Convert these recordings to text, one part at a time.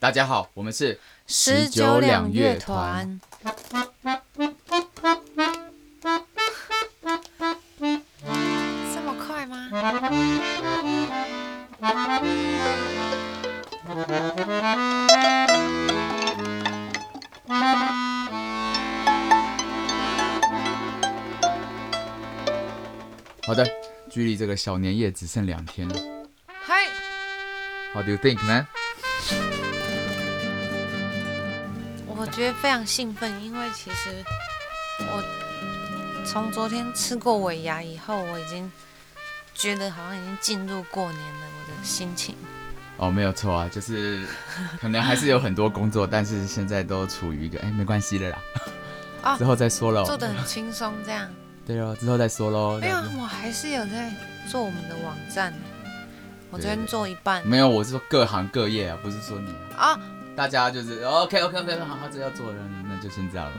大家好，我們是十九兩樂團。這麼快嗎？好的，距離這個小年夜只剩兩天了。嗨，How do you think, man? 我覺得非常興奮，因為其實我從昨天吃過尾牙以後，我已經覺得好像已經進入過年了。我的心情哦，沒有錯啊，就是可能還是有很多工作， 但是現在都處於一個哎、欸、沒關係的啦，之後再說嘍，做得很輕鬆這樣。對哦，之後再說嘍。沒有，對了我還是有在做我們的網站。對對對，我昨天做一半，沒有，我是說各行各業啊，不是說你啊，哦、大家就是 OK OK OK，好，好，這要做人，人那就先這樣了。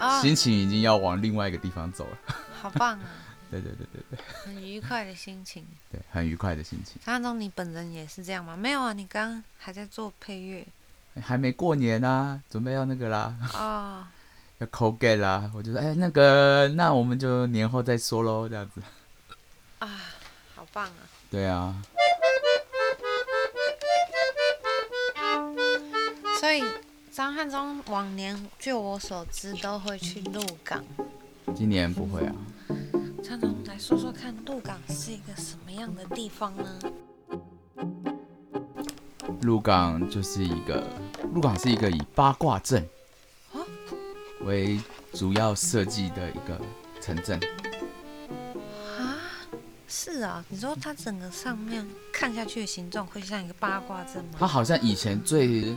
哦、 心情已經要往另外一個地方走了，好棒啊！ 對對對對，對，很愉快的心情，對，很愉快的心情。當中你本人也是這樣嗎？沒有啊，你剛剛還在做配樂，還沒過年呢、啊，準備要那個啦。哦， 要扣給啦，我就說，哎、欸，那個，那我們就年後再說嘍，這樣子。棒啊對啊。所以張漢中往年據我所知都會去鹿港，今年不會啊。張總、嗯、來說說看，鹿港是一個什麼樣的地方呢？鹿港就是一個鹿港是一個以八卦陣為主要設計的一個城鎮。是啊，你說它整個上面看下去的形狀，會像一個八卦陣嗎？它好像以前最，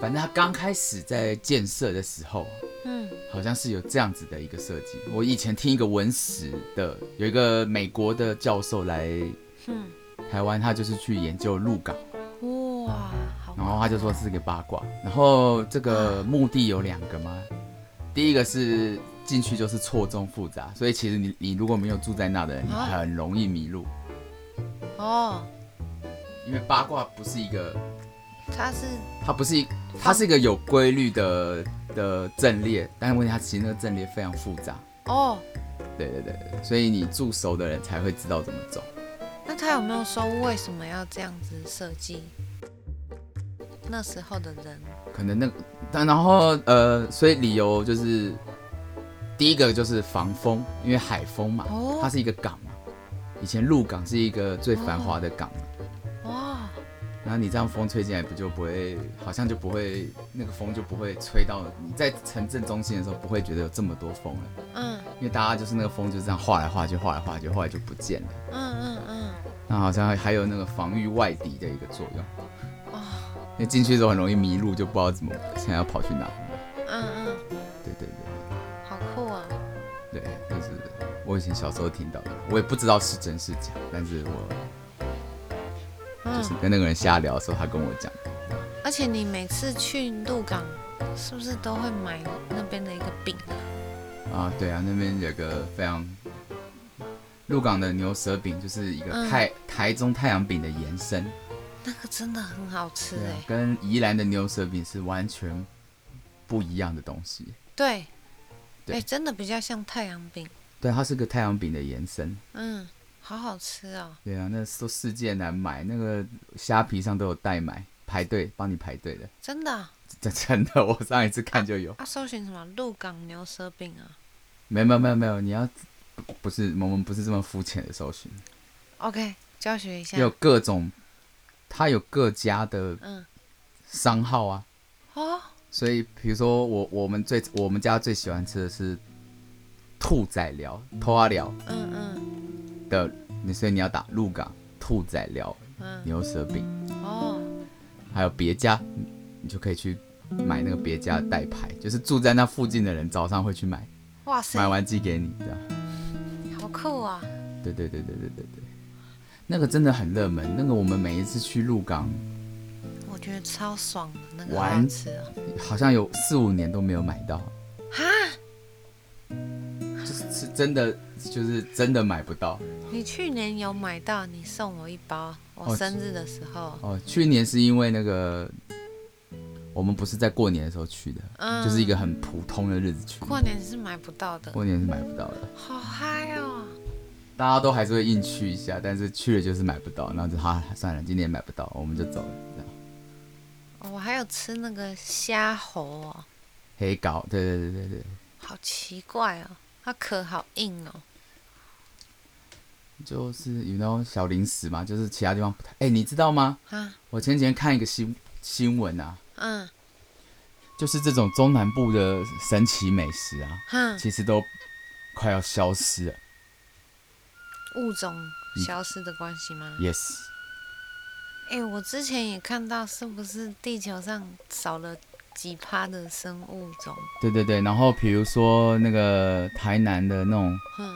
反正它剛開始在建設的時候，嗯，好像是有這樣子的一個設計。我以前聽一個文史的，有一個美國的教授來，嗯，台灣，他就是去研究鹿港、嗯，哇，然後他就說是個八卦，嗯、然後這個目的有兩個嗎？第一個是。進去就是錯綜複雜，所以其實你你如果沒有住在那的人，啊？你還很容易迷路哦。因為八卦不是一個，它是它不是一，它是一個有規律的的陣列，但是問題它其實那個陣列非常複雜哦。對對對，所以你住熟的人才會知道怎麼走。那他有沒有說為什麼要這樣子設計？那時候的人可能那個，但然後呃，所以理由就是。第一個就是防風，因為海風嘛，它是一個港嘛，以前鹿港是一個最繁華的港嘛。哇，然後你這樣風吹進來不就不會，好像就不會，那個風就不會吹到你在城鎮中心的時候，不會覺得有這麼多風了。嗯，因為大家就是那個風就這樣畫來畫去，畫來畫去，後來就不見了。嗯嗯嗯，嗯嗯，那好像還有那個防禦外敵的一個作用。哇，因為進去之後很容易迷路，就不知道怎麼現在要跑去哪裡。是我以前小時候聽到的，我也不知道是真是假，但是我、嗯、就是跟那個人瞎聊的時候，他跟我講。嗯、而且你每次去鹿港，是不是都會買那邊的一個餅啊？啊，對啊，那邊有一個非常鹿港的牛舌餅，就是一個太、嗯、台中太陽餅的延伸。那個真的很好吃哎、對啊，跟宜蘭的牛舌餅是完全不一樣的東西。對。哎對、欸，真的比較像太陽餅。對，它是個太陽餅的延伸。嗯，好好吃哦。對啊，那都世界難買，那個蝦皮上都有代買，排隊幫你排隊的。真的、啊？真的，我上一次看就有。啊，啊搜尋什麼鹿港牛舌餅啊？沒沒沒有沒有，你要不是我們不是這麼膚淺的搜尋。OK，教學一下。有各種，它有各家的嗯商號啊。嗯、哦。所以，比如說我我們最我們家最喜歡吃的是兔仔寮、拖阿寮，嗯嗯的。你所以你要打鹿港兔仔寮、嗯、牛舌餅哦，還有別家你，你就可以去買那個別家代牌，嗯、就是住在那附近的人早上會去買，哇塞，買完寄給你，你好酷啊！對，對對對對對對對，那個真的很熱門。那個我們每一次去鹿港。覺得超爽的。那個好像有四五年都沒有買到啊，哈就是、是真的，就是真的買不到。你去年有買到，你送我一包，我生日的時候。哦，去年是因為那個，我們不是在過年的時候去的，嗯、就是一個很普通的日子去。過年是買不到的，過年是買不到的。好嗨哦！大家都還是會硬去一下，但是去了就是買不到，然後就哈算了，今年買不到，我們就走了。我還有吃那個蝦猴哦、喔，黑膏，對對對對，好奇怪哦、喔，它殼好硬哦、喔。就是有那種小零食嘛，就是其他地方不太哎、欸，你知道嗎？哈，我前幾天看一個新新聞吶、啊，嗯，就是這種中南部的神奇美食啊，哈，其實都快要消失了，物種消失的關係嗎、嗯？Yes。哎、欸，我之前也看到，是不是地球上少了幾趴的生物種？對對對，然後比如說那個台南的那種，嗯，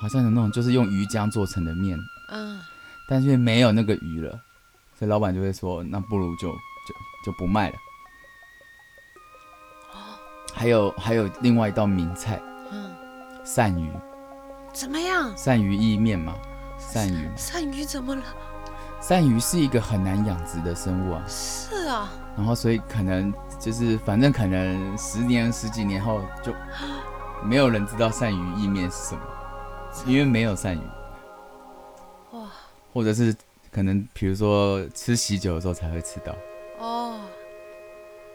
好像有那種就是用魚漿做成的麵，嗯，但是沒有那個魚了，所以老闆就會說，那不如就就就不賣了。哦，還有還有另外一道名菜，嗯，鱔魚，怎麼樣？鱔魚意面嘛，鱔魚，鱔魚怎麼了？鱔魚是一個很難養殖的生物啊，是啊，然後所以可能就是反正可能十年十幾年後就沒有人知道鱔魚意麵是什麼，因為沒有鱔魚，哇，或者是可能比如說吃喜酒的時候才會吃到哦，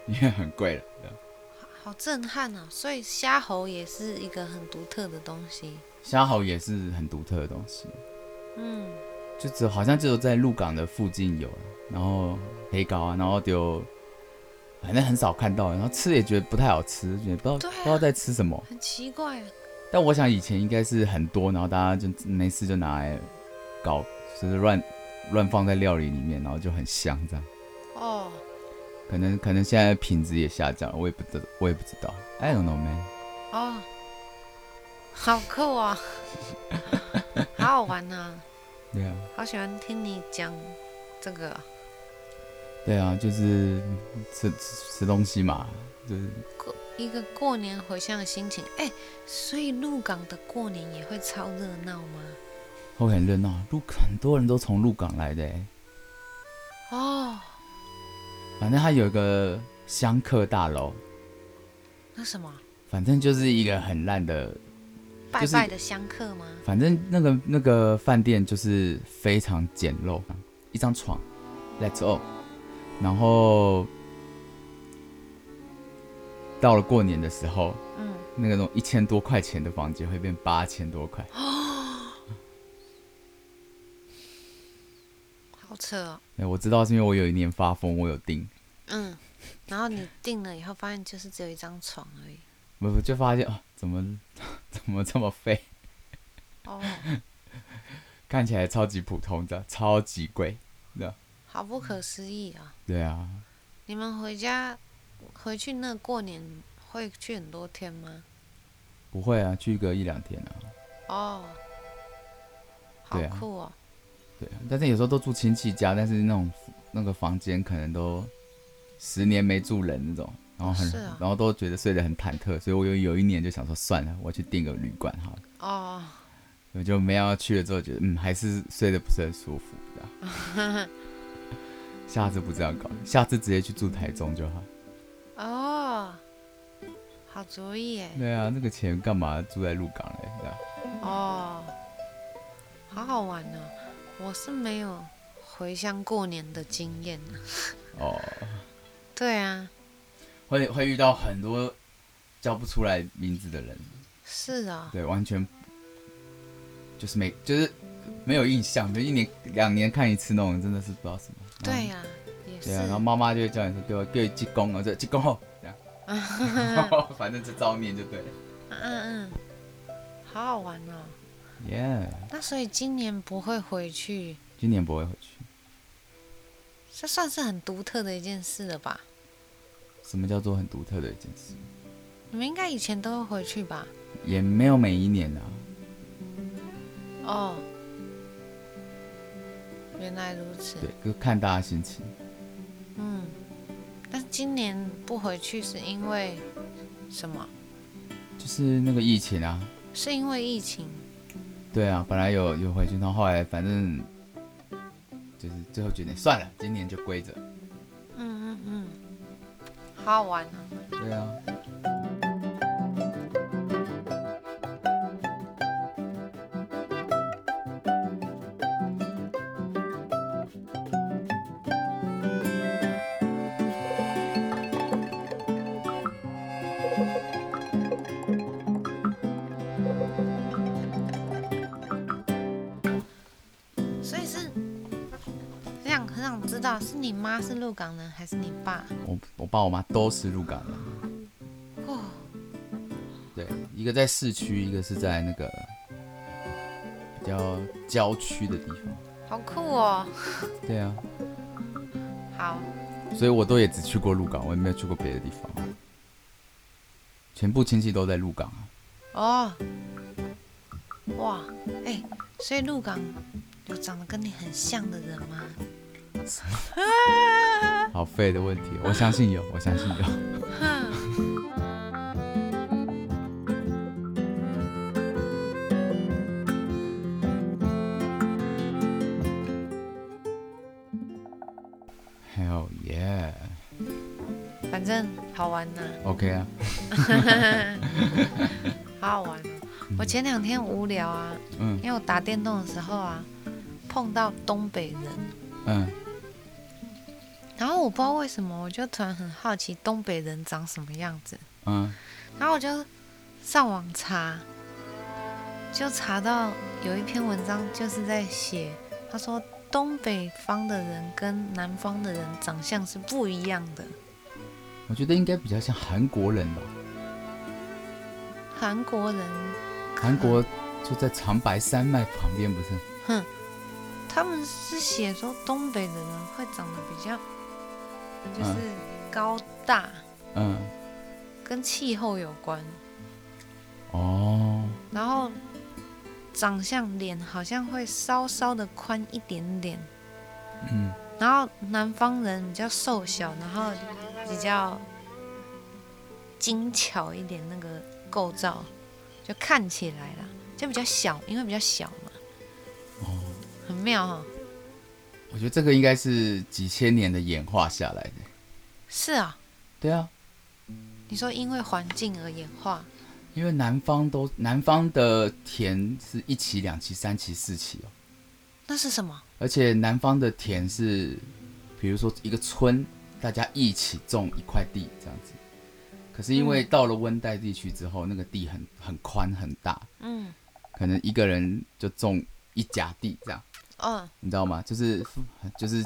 因為很貴了，好震撼啊！所以蝦猴也是一個很獨特的東西，蝦猴也是很獨特的東西，嗯。就只好像只有在鹿港的附近有，然後黑糕啊，然後丟，反正很少看到，然後吃也覺得不太好吃，也不知道、啊、不知道在吃什麼，很奇怪。但我想以前應該是很多，然後大家就沒事就拿來搞，就是亂亂放在料理裡面，然後就很香這樣。哦。Oh. 可能可能現在品質也下降了，我也不知道，我也不知道。I don't know man。Oh. 哦，好酷啊！好好玩呢、啊。對啊，好喜歡聽你講這個。對啊，就是吃吃東西嘛，就是過一個過年回鄉的心情。哎、欸，所以鹿港的過年也會超熱鬧嗎？會很熱鬧，鹿很多人都從鹿港來的。哦，反正它有一個香客大樓。那什麼？反正就是一個很爛的。就是、拜拜的香客嗎？反正那個那個飯店就是非常簡陋，一張床，Let's go。Let's all. 然後到了過年的時候，嗯，那個那種一千多塊錢的房間會變八千多塊，哦、嗯，好扯哦。對，我知道是因為我有一年發瘋，我有訂，嗯，然後你訂了以後發現就是只有一張床而已。我就發現哦，怎麼怎麼這麼廢？哦，看起來超級普通的，超級貴，對，好不可思議啊，哦！對啊，你們回家回去那過年會去很多天嗎？不會啊，去個一兩天啊。哦，oh. 好酷哦！對啊，對，但是有時候都住親戚家，但是那種那個房間可能都十年沒住人那種。然後很，啊、然後都覺得睡得很忐忑，所以我有有一年就想說算了，我去訂個旅館哈。哦。我就沒要去了，之後覺得嗯，還是睡得不是很舒服 下次不這樣搞，下次直接去住台中就好。哦。Oh. 好主意哎，對啊，那個錢幹嘛住在鹿港嘞？哦。Oh. 好好玩呢、啊，我是沒有回鄉過年的經驗、啊。哦。Oh. 對啊。會會遇到很多叫不出來名字的人，是啊，對，完全就是沒就是沒有印象，就一年兩年看一次那種，真的是不知道什麼。對呀，對呀，然後媽媽就會叫你說給我：“對對，鞠躬哦，這鞠躬。”這樣， 反正就照面就對了。嗯,嗯嗯，好好玩哦。Yeah。那所以今年不會回去。今年不會回去。這算是很獨特的一件事了吧？什麼叫做很獨特的一件事？你們應該以前都會回去吧？也沒有每一年啊。哦，原來如此。對，就看大家心情。嗯，但今年不回去是因為什麼？就是那個疫情啊。是因為疫情。對啊，本來有有回去，然後後來反正就是最後決定算了，今年就歸着。好玩、嗯、對啊。嗯，對啊。知道，是你媽是鹿港人，還是你爸？我我爸我媽都是鹿港人。哦呼，對，一個在市區，一個是在那個比較郊區的地方。好酷哦！對啊，好。所以我都也只去過鹿港，我也沒有去過別的地方。全部親戚都在鹿港哦，哇，哎、欸，所以鹿港有長得跟你很像的人嗎？ 好廢的問題，我相信有，我相信有。Hell yeah！反正好玩吶、啊。OK 啊， 好好玩、哦。我前兩天無聊啊，嗯、因為我打電動的時候啊，碰到東北人。嗯我不知道為什麼，我就突然很好奇東北人長什麼樣子。嗯，然後我就上網查，就查到有一篇文章就是在寫，他說東北方的人跟南方的人長相是不一樣的。我覺得應該比較像韓國人吧？韓國人？韓國就在長白山脈旁邊，不是？哼，他們是寫說東北的人會長得比較。就是高大，嗯，跟氣候有關，哦，然後長相臉好像會稍稍的寬一點點，嗯，然後南方人比較瘦小，然後比較精巧一點，那個構造就看起來啦，就比較小，因為比較小嘛，哦，很妙齁。我覺得這個應該是幾千年的演化下來的。是啊。對啊。你說因為環境而演化。因為南方都南方的田是一畦、兩畦三畦、四畦哦。那是什麼？而且南方的田是，比如說一個村大家一起種一塊地這樣子。可是因為到了溫帶地區之後，那個地很很寬很大。嗯。可能一個人就種一甲地這樣。嗯、哦、你知道嗎？就是就是，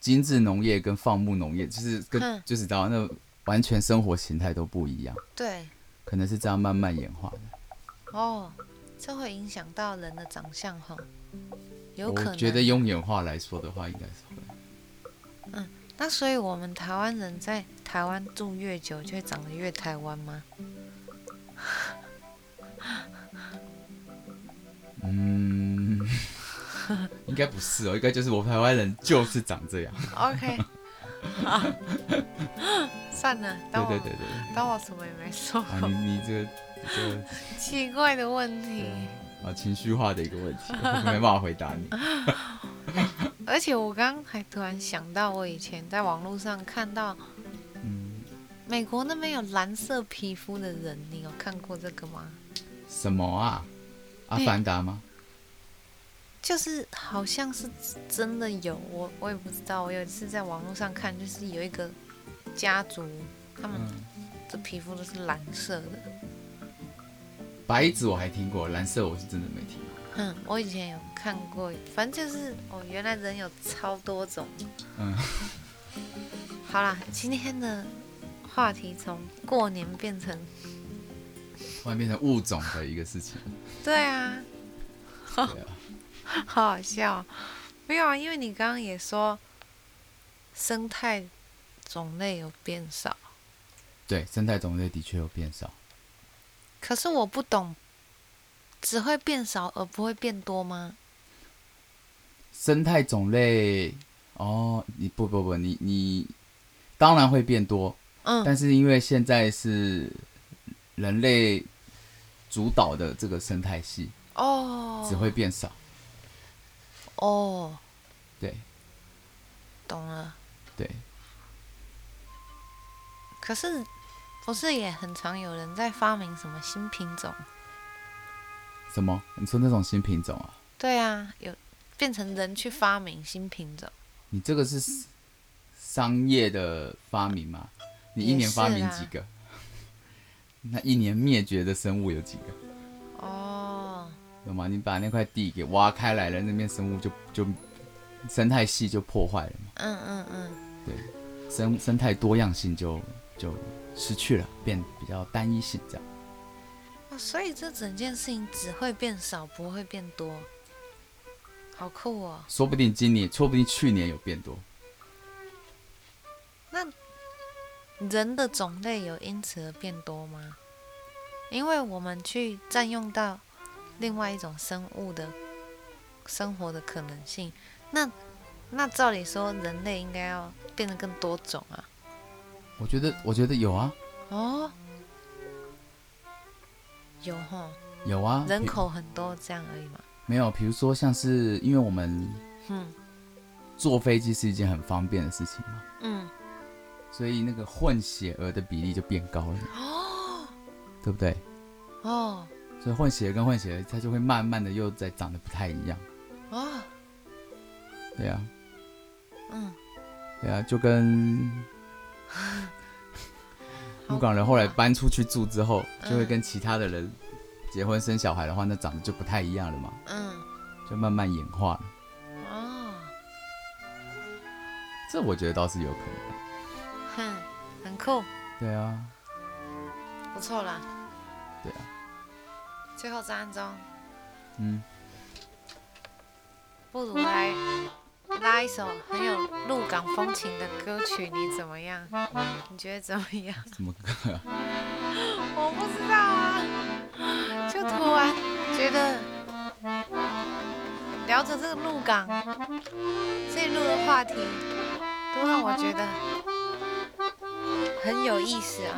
精緻農業跟放牧農業，就是跟哼就是，知道那個、完全生活形態都不一樣。對，可能是這樣慢慢演化的。哦，這會影響到人的長相哈、哦？有可能？我覺得用演化來說的話，應該是會。嗯，那所以我們台灣人在台灣住越久，就會長得越台灣嗎？ 嗯。應該不是哦，應該就是我台灣人就是長這樣。OK， 算了，對對對對，當我什麼也沒說、啊。你你這個、這個、奇怪的問題啊，情緒化的一個問題，我沒辦法回答你。 而且我剛剛還突然想到，我以前在網絡上看到，嗯，美國那邊有藍色皮膚的人，你有看過這個嗎？什麼啊？阿凡達嗎？欸就是好像是真的有，我我也不知道。我有一次在網絡上看，就是有一個家族，他們的皮膚都是藍色的、嗯。白子我還聽過，藍色我是真的沒聽過。嗯，我以前有看過，反正就是哦，原來人有超多種。嗯。 好啦，今天的話題從過年變成，突然變成物種的一個事情。 對啊。 對啊。好好笑，沒有啊，因為你剛剛也說生態種類有變少，對，生態種類的確有變少。可是我不懂，只會變少而不會變多嗎？生態種類哦，你不不不，你你當然會變多，嗯，但是因為現在是人類主導的這個生態系哦，只會變少。哦，oh, 對，懂了。對。可是，不是也很常有人在發明什麼新品種？什麼？你說那種新品種啊？對啊，有變成人去發明新品種。你這個是商業的發明嗎？你一年發明幾個？啊、 那一年滅絕的生物有幾個？哦。Oh. 有嗎？你把那塊地給挖開來了，那邊生物就就生態系就破壞了嘛。嗯嗯嗯。嗯嗯對，生生態多樣性就就失去了，變比較單一性這樣。所以這整件事情只會變少，不會變多。好酷哦！說不定今年，說不定去年有變多。那人的種類有因此而變多嗎？因為我們去佔用到。另外一種生物的生活的可能性，那那照理說，人類應該要變得更多種啊。我覺得，我覺得有啊。哦，有有啊。人口很多這樣而已嘛。沒有，比如說像是因為我們，嗯，坐飛機是一件很方便的事情嘛。嗯。所以那個混血兒的比例就變高了。哦。對不對？哦。所以混血跟混血，它就會慢慢的又在長得不太一樣。啊，對呀，嗯，對呀，就跟鹿港人後來搬出去住之後，就會跟其他的人結婚生小孩的話，那長得就不太一樣了嘛。嗯，就慢慢演化了。啊，這我覺得倒是有可能。哼，很酷。對啊，不錯啦。最後三分鐘，嗯，不如來拉一首很有鹿港風情的歌曲，你怎麼樣？你覺得怎麼樣？什麼歌啊？ 我不知道啊，就突然覺得聊着這個鹿港這一路的話題，都讓我覺得很有意思啊。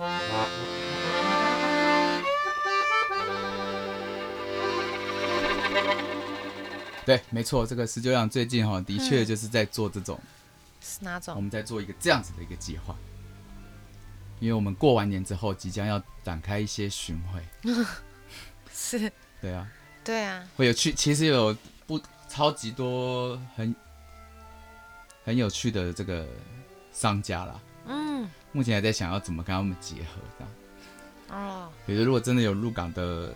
啊對，沒錯，這個十九兩最近哈的確就是在做這種，嗯、是哪種？我們在做一個這樣子的一個計劃，因為我們過完年之後即將要展開一些巡回， 是，對啊，對啊，會有去，其實有不超級多很很有趣的這個商家啦。嗯，目前還在想要怎麼跟他們結合的，這樣哦，比如說如果真的有鹿港的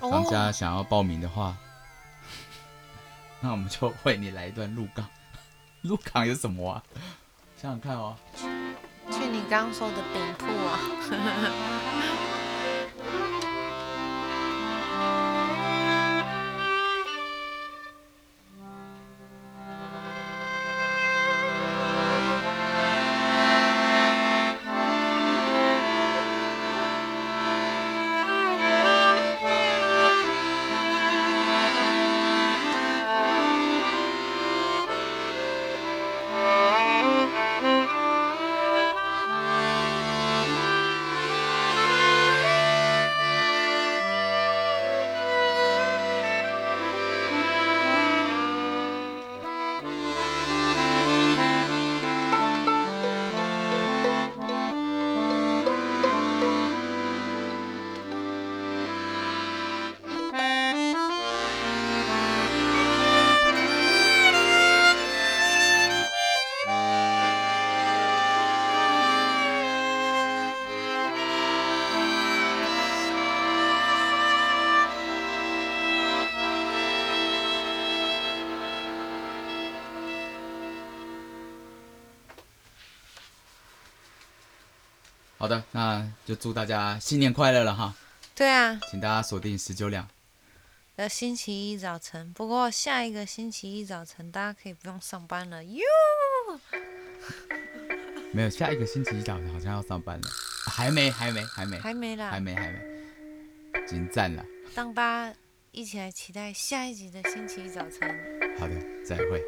商家、哦、想要報名的話。那我們就為你來一段鹿港，鹿港有什麼啊？想想看哦，去你剛剛說的餅鋪啊。 好的，那就祝大家新年快樂了哈！對啊，請大家鎖定十九兩。要星期一早晨，不過下一個星期一早晨，大家可以不用上班了喲。沒有，下一個星期一早晨好像要上班了，啊、還沒，還沒，還沒，還沒，還沒啦，還沒，還沒，已經讚了。當吧，一起來期待下一集的星期一早晨。好的，再會。